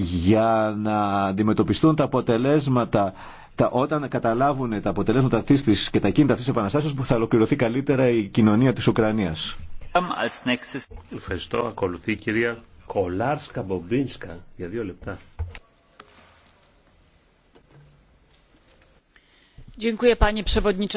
για να αντιμετωπιστούν τα αποτελέσματα τα, όταν καταλάβουν τα αποτελέσματα αυτής της και τα κίνητα αυτής της επαναστάσεως που θα ολοκληρωθεί καλύτερα η κοινωνία της Ουκρανίας. Ευχαριστώ. Ακολουθεί η κυρία Κολάρσκα Μπομπίνσκα για δύο λεπτά. Dziękuję panie przewodniczący.